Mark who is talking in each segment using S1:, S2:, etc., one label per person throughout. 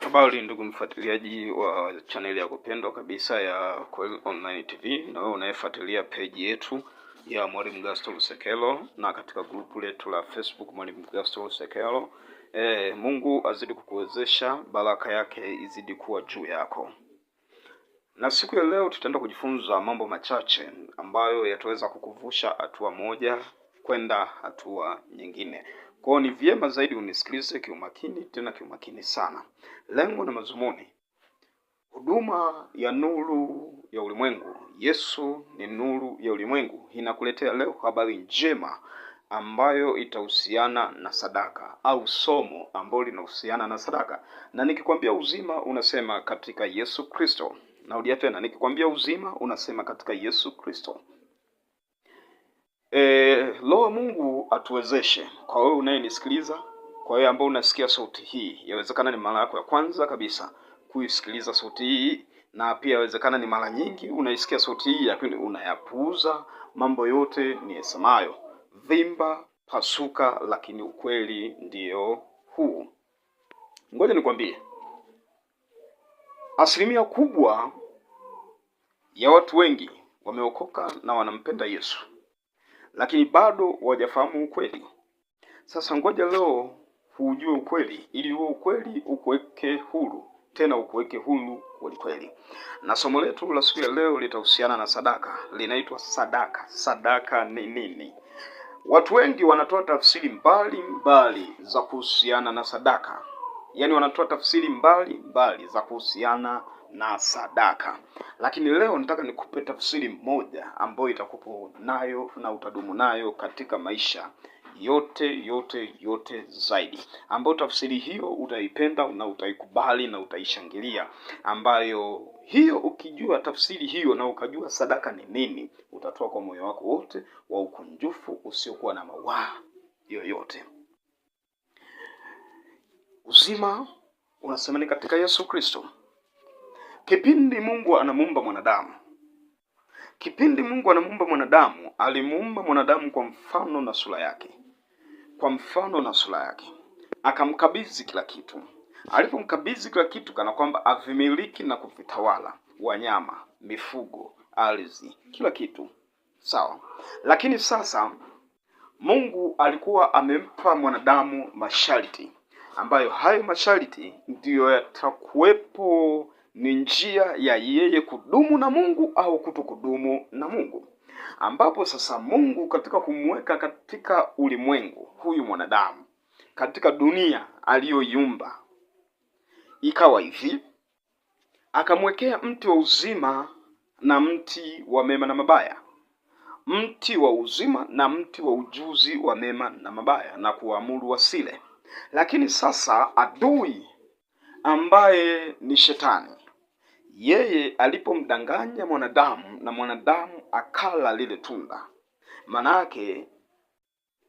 S1: Habari ndugu mfuatiliaji wa chaneli ya kupendwa kabisa ya Kweli Online TV, na wewe unayefuatilia peji yetu ya Mwalimu Gaston Lusekelo na katika grupu letu la Facebook Mwalimu Gaston Lusekelo. E, Mungu azidi kukuwezesha, baraka yake izidi kuwa juu yako. Na siku ya leo tutaenda kujifunza mambo machache ambayo yataweza kukuvusha hatua moja kwenda hatua nyingine. Kwao ni vyema zaidi unisikilize kiumakini, tena kiumakini sana. Lengo na mazumuni, huduma ya nuru ya ulimwengu. Yesu ni nuru ya ulimwengu, inakuletea leo habari njema ambayo itahusiana na sadaka au somo ambalo linahusiana na sadaka. Na nikikwambia uzima unasema katika Yesu Kristo. Narudia tena, nikikwambia uzima unasema katika Yesu Kristo. E, Roho Mungu atuwezeshe. Kwa wewe unayenisikiliza, kwa wewe ambao unasikia sauti hii, yawezekana ni mara yako ya kwanza kabisa kuisikiliza sauti hii, na pia yawezekana ni mara nyingi unaisikia sauti hii lakini unayapuuza mambo yote niyasemayo. Vimba, pasuka, lakini ukweli ndiyo huu. Ngoja nikwambie, asilimia kubwa ya watu wengi wameokoka na wanampenda Yesu lakini bado hawajafahamu ukweli. Sasa ngoja leo ujue ukweli, ili huo ukweli ukuweke huru, tena ukuweke huru kweli kweli. Na somo letu la siku ya leo litahusiana na sadaka, linaitwa sadaka. Sadaka ni nini? Watu wengi wanatoa tafsiri mbali mbali za kuhusiana na sadaka, yaani wanatoa tafsiri mbali mbali za kuhusiana na sadaka. Lakini leo nataka nikupe tafsiri moja ambayo itakupo nayo na utadumu nayo katika maisha yote yote yote zaidi, ambayo tafsiri hiyo utaipenda na utaikubali na utaishangilia, ambayo hiyo ukijua tafsiri hiyo na ukajua sadaka ni nini, utatoa kwa moyo wako wote wa ukunjufu usiokuwa na mawaa yoyote. Uzima unasemani katika Yesu Kristo. Kipindi Mungu anamuumba mwanadamu, kipindi Mungu anamuumba mwanadamu, alimuumba mwanadamu kwa mfano na sura yake, kwa mfano na sura yake, akamkabidhi kila kitu. Alipomkabidhi kila kitu, kana kwamba avimiliki na kuvitawala: wanyama, mifugo, ardhi, kila kitu, sawa. Lakini sasa Mungu alikuwa amempa mwanadamu masharti, ambayo hayo masharti ndiyo yatakuwepo ni njia ya yeye kudumu na Mungu au kuto kudumu na Mungu, ambapo sasa Mungu katika kumweka katika ulimwengu huyu mwanadamu katika dunia aliyoiumba, ikawa hivi, akamwekea mti wa uzima na mti wa mema na mabaya, mti wa uzima na mti wa ujuzi wa mema na mabaya, na kuamuru wasile. Lakini sasa adui ambaye ni shetani yeye alipomdanganya mwanadamu na mwanadamu akala lile tunda, manake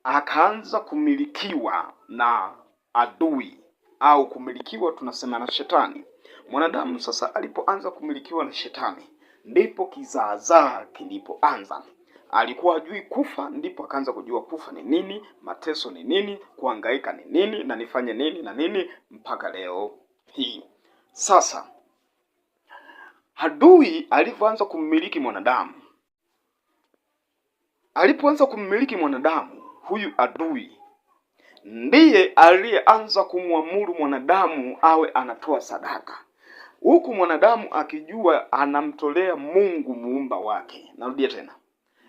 S1: akaanza kumilikiwa na adui au kumilikiwa tunasema na shetani. Mwanadamu sasa alipoanza kumilikiwa na shetani, ndipo kizaazaa kilipoanza. Alikuwa ajui kufa, ndipo akaanza kujua kufa ni nini, mateso ni nini, kuhangaika ni nini, na nifanye nini na nini, mpaka leo hii sasa Adui alipoanza kummiliki mwanadamu, alipoanza kummiliki mwanadamu huyu adui ndiye aliyeanza kumwamuru mwanadamu awe anatoa sadaka, huku mwanadamu akijua anamtolea Mungu muumba wake. Narudia tena,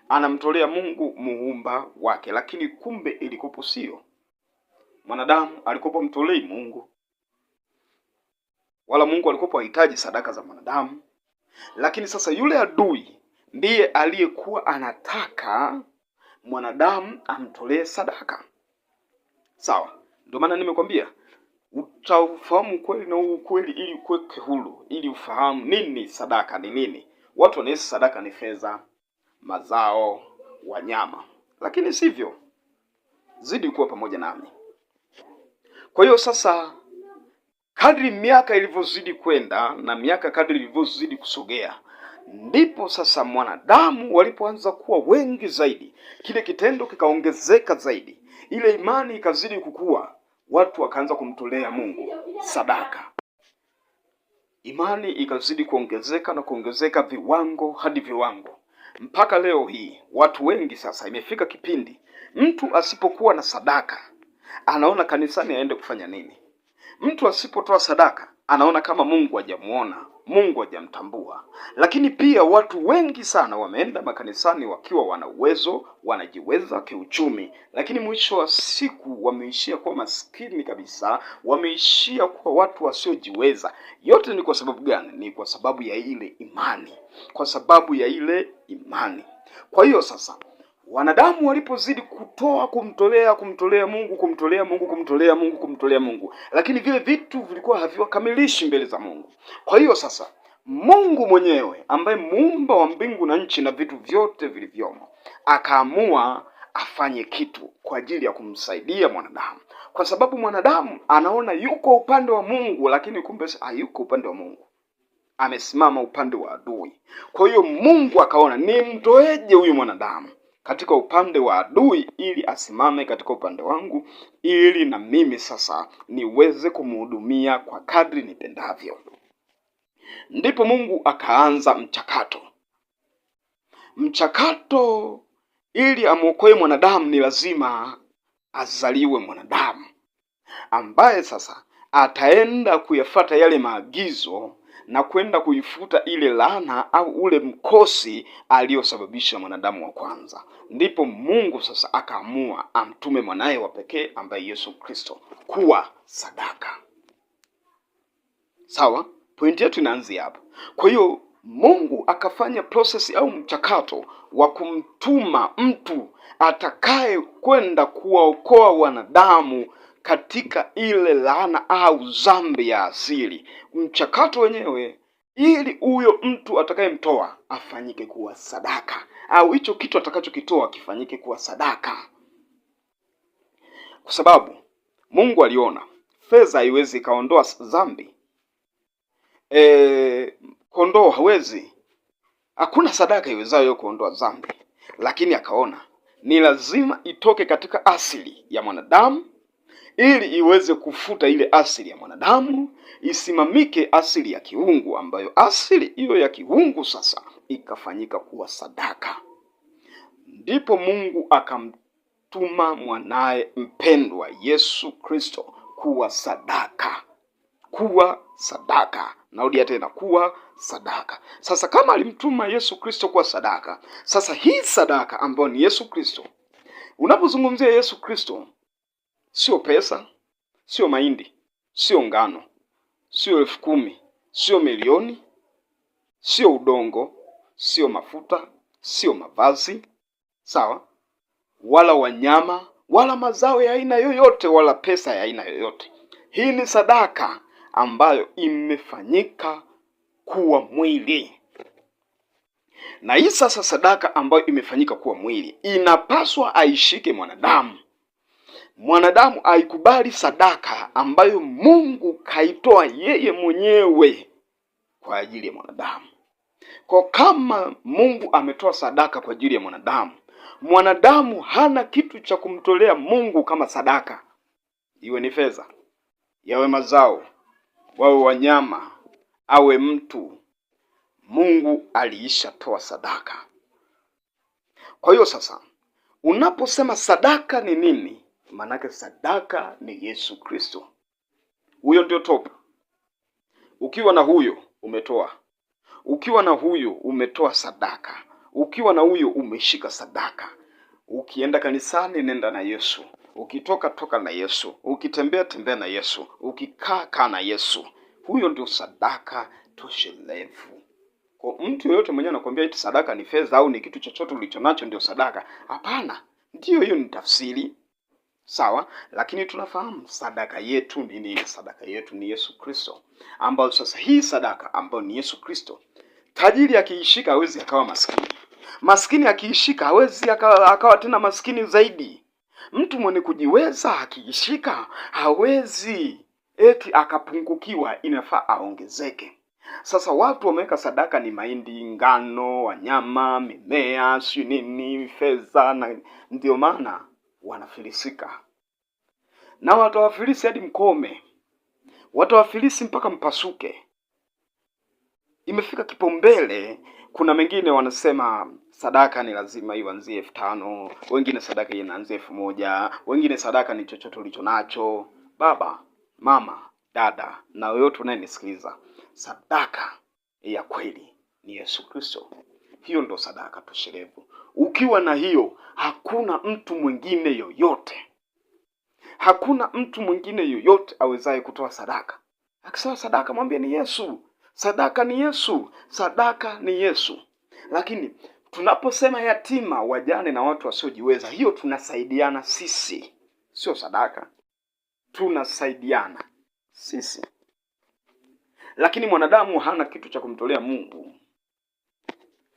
S1: anamtolea Mungu muumba wake, lakini kumbe ilikopo sio mwanadamu alikopo mtolei Mungu, wala Mungu alikopo hahitaji sadaka za mwanadamu. Lakini sasa yule adui ndiye aliyekuwa anataka mwanadamu amtolee sadaka. Sawa, ndio maana nimekwambia utaufahamu ukweli na huu ukweli, ili ukweke huru, ili ufahamu nini sadaka ni nini. Watu wanahisi sadaka ni fedha, mazao, wanyama, lakini sivyo. Zidi kuwa pamoja nami. Kwa hiyo sasa Kadri miaka ilivyozidi kwenda na miaka kadri ilivyozidi kusogea, ndipo sasa mwanadamu walipoanza kuwa wengi zaidi, kile kitendo kikaongezeka zaidi, ile imani ikazidi kukua, watu wakaanza kumtolea Mungu sadaka. Imani ikazidi kuongezeka na kuongezeka viwango hadi viwango, mpaka leo hii watu wengi sasa, imefika kipindi mtu asipokuwa na sadaka anaona kanisani aende kufanya nini? Mtu asipotoa sadaka anaona kama Mungu hajamuona, Mungu hajamtambua. Lakini pia watu wengi sana wameenda makanisani wakiwa wana uwezo, wanajiweza kiuchumi, lakini mwisho wa siku wameishia kuwa maskini kabisa, wameishia kuwa watu wasiojiweza. Yote ni kwa sababu gani? Ni kwa sababu ya ile imani, kwa sababu ya ile imani. Kwa hiyo sasa wanadamu walipozidi kutoa kumtolea kumtolea Mungu kumtolea Mungu kumtolea Mungu kumtolea Mungu, lakini vile vitu vilikuwa haviwakamilishi mbele za Mungu. Kwa hiyo sasa Mungu mwenyewe ambaye muumba wa mbingu na nchi na vitu vyote vilivyomo, akaamua afanye kitu kwa ajili ya kumsaidia mwanadamu, kwa sababu mwanadamu anaona yuko upande wa Mungu, lakini kumbe hayuko upande wa Mungu, amesimama upande wa adui. Kwa hiyo Mungu akaona ni mtoeje huyu mwanadamu katika upande wa adui, ili asimame katika upande wangu, ili na mimi sasa niweze kumhudumia kwa kadri nipendavyo. Ndipo Mungu akaanza mchakato mchakato ili amwokoe mwanadamu ni lazima azaliwe mwanadamu ambaye sasa ataenda kuyafata yale maagizo na kwenda kuifuta ile laana au ule mkosi aliyosababisha mwanadamu wa kwanza. Ndipo Mungu sasa akaamua amtume mwanaye wa pekee ambaye Yesu Kristo kuwa sadaka. Sawa, pointi yetu inaanzia hapo Kwa hiyo Mungu akafanya prosesi au mchakato wa kumtuma mtu atakaye kwenda kuwaokoa wanadamu katika ile laana au dhambi ya asili. Mchakato wenyewe ili huyo mtu atakayemtoa afanyike kuwa sadaka au hicho kitu atakachokitoa kifanyike kuwa sadaka, kwa sababu Mungu aliona fedha haiwezi ikaondoa dhambi. E, kondoo hawezi, hakuna sadaka iwezayo kuondoa dhambi, lakini akaona ni lazima itoke katika asili ya mwanadamu ili iweze kufuta ile asili ya mwanadamu, isimamike asili ya kiungu, ambayo asili hiyo ya kiungu sasa ikafanyika kuwa sadaka. Ndipo Mungu akamtuma mwanaye mpendwa Yesu Kristo kuwa sadaka, kuwa sadaka. Narudia tena, kuwa sadaka. Sasa kama alimtuma Yesu Kristo kuwa sadaka, sasa hii sadaka ambayo ni Yesu Kristo, unapozungumzia Yesu Kristo sio pesa, sio mahindi, sio ngano, sio elfu kumi, sio milioni, sio udongo, sio mafuta, sio mavazi, sawa, wala wanyama, wala mazao ya aina yoyote, wala pesa ya aina yoyote. Hii ni sadaka ambayo imefanyika kuwa mwili na hii sasa sadaka ambayo imefanyika kuwa mwili inapaswa aishike mwanadamu mwanadamu aikubali sadaka ambayo Mungu kaitoa yeye mwenyewe kwa ajili ya mwanadamu. Kwa kama Mungu ametoa sadaka kwa ajili ya mwanadamu, mwanadamu hana kitu cha kumtolea Mungu kama sadaka, iwe ni fedha, yawe mazao, wawe wanyama, awe mtu. Mungu aliishatoa sadaka. Kwa hiyo sasa, unaposema sadaka ni nini, Maanake sadaka ni Yesu Kristo, huyo ndio top. Ukiwa na huyo umetoa, ukiwa na huyo umetoa sadaka, ukiwa na huyo umeshika sadaka. Ukienda kanisani, nenda na Yesu. Ukitoka toka na Yesu. Ukitembea tembea na Yesu. Ukikaa kaa na Yesu. Huyo ndio sadaka toshelevu. Kwa mtu yoyote mwenyewe anakuambia eti sadaka ni fedha au ni kitu chochote ulicho nacho ndio sadaka, hapana. Ndiyo, hiyo ni tafsiri sawa. Lakini tunafahamu sadaka yetu ni nini? Sadaka yetu ni Yesu Kristo, ambayo sasa hii sadaka ambayo ni Yesu Kristo, tajiri akiishika hawezi akawa maskini, maskini akiishika hawezi akawa, akawa tena maskini zaidi. Mtu mwenye kujiweza akiishika hawezi eti akapungukiwa, inafaa aongezeke. Sasa watu wameweka sadaka ni mahindi, ngano, wanyama, mimea, si nini, fedha, na ndio maana wanafilisika na watawafilisi hadi mkome, watawafilisi mpaka mpasuke. Imefika kipaumbele. Kuna mengine wanasema sadaka ni lazima ianzie elfu tano wengine sadaka inaanzia elfu moja wengine sadaka ni chochote ulicho nacho. Baba, mama, dada na yoyote unayenisikiliza, sadaka ya kweli ni Yesu Kristo. Hiyo ndo sadaka tosherevu. Ukiwa na hiyo, hakuna mtu mwingine yoyote, hakuna mtu mwingine yoyote awezaye kutoa sadaka. Akisema sadaka, mwambie ni Yesu. Sadaka ni Yesu, sadaka ni Yesu. Lakini tunaposema yatima, wajane na watu wasiojiweza, hiyo tunasaidiana sisi, sio sadaka, tunasaidiana sisi. Lakini mwanadamu hana kitu cha kumtolea Mungu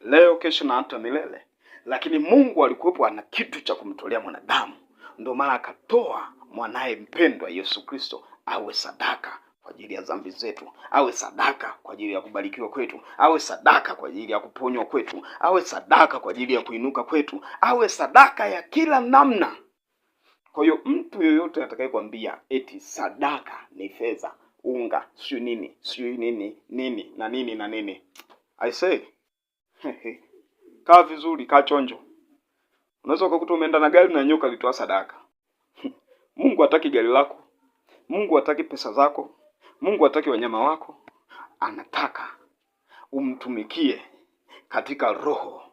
S1: leo, kesho na hata milele. Lakini Mungu alikuwepo, ana kitu cha kumtolea mwanadamu, ndio maana akatoa mwanaye mpendwa Yesu Kristo awe sadaka kwa ajili ya dhambi zetu, awe sadaka kwa ajili ya kubarikiwa kwetu, awe sadaka kwa ajili ya kuponywa kwetu, awe sadaka kwa ajili ya kuinuka kwetu, awe sadaka ya kila namna. Kwa hiyo mtu yoyote atakayekwambia eti sadaka ni fedha, unga, sio nini, sio nini nini na nini na nini, I say kaa vizuri, kaa chonjo. Unaweza ukakuta umeenda na gari na nyoka litoa sadaka. Mungu hataki gari lako, Mungu hataki pesa zako, Mungu hataki wanyama wako, anataka umtumikie katika roho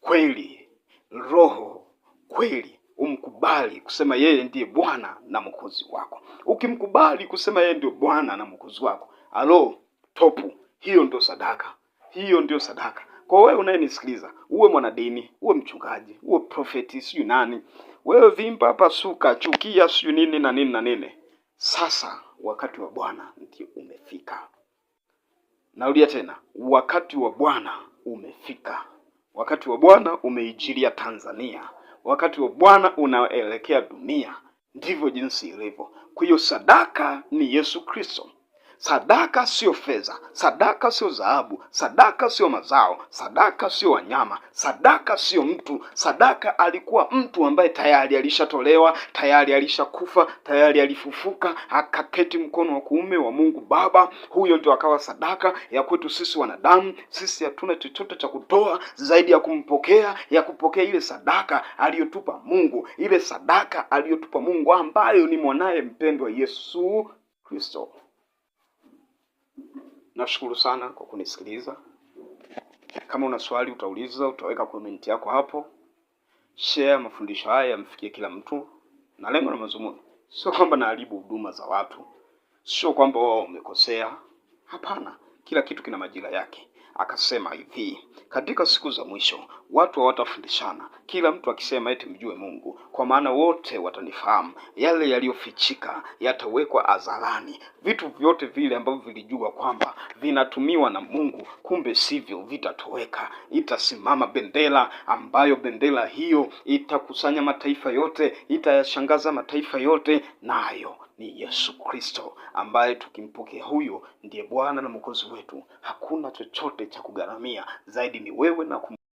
S1: kweli, roho kweli, umkubali kusema yeye ndiye Bwana na mwokozi wako. Ukimkubali kusema yeye ndiye Bwana na mwokozi wako, alo topu, hiyo ndio sadaka, hiyo ndio sadaka. Kwa wewe unayenisikiliza, uwe mwanadini, uwe mchungaji, uwe profeti, siyo nani, wewe vimba, pasuka, chukia, siyo nini na nini na nini. Sasa wakati wa Bwana ndio umefika. Naulia tena, wakati wa Bwana umefika. Wakati wa Bwana umeijilia Tanzania, wakati wa Bwana unaelekea dunia. Ndivyo jinsi ilivyo. Kwa hiyo sadaka ni Yesu Kristo. Sadaka sio fedha, sadaka sio dhahabu, sadaka sio mazao, sadaka sio wanyama, sadaka sio mtu. Sadaka alikuwa mtu ambaye tayari alishatolewa, tayari alishakufa, tayari alifufuka, akaketi mkono wa kuume wa Mungu Baba. Huyo ndio akawa sadaka ya kwetu sisi wanadamu. Sisi hatuna chochote cha kutoa zaidi ya kumpokea, ya kupokea ile sadaka aliyotupa Mungu, ile sadaka aliyotupa Mungu ambayo ni mwanaye mpendwa Yesu Kristo. Nashukuru sana kwa kunisikiliza. Kama una swali utauliza, utaweka komenti yako hapo. Share mafundisho haya yamfikie kila mtu, na lengo na mazumuni sio kwamba naharibu huduma za watu, sio kwamba wao wamekosea. Hapana, kila kitu kina majira yake akasema hivi, katika siku za mwisho watu hawatafundishana, kila mtu akisema eti mjue Mungu, kwa maana wote watanifahamu. Yale yaliyofichika yatawekwa hadharani. Vitu vyote vile ambavyo vilijua kwamba vinatumiwa na Mungu, kumbe sivyo, vitatoweka. Itasimama bendera ambayo bendera hiyo itakusanya mataifa yote, itayashangaza mataifa yote, nayo ni Yesu Kristo, ambaye tukimpokea huyo ndiye Bwana na Mwokozi wetu, hakuna chochote chochote cha kugharamia, zaidi ni wewe na kum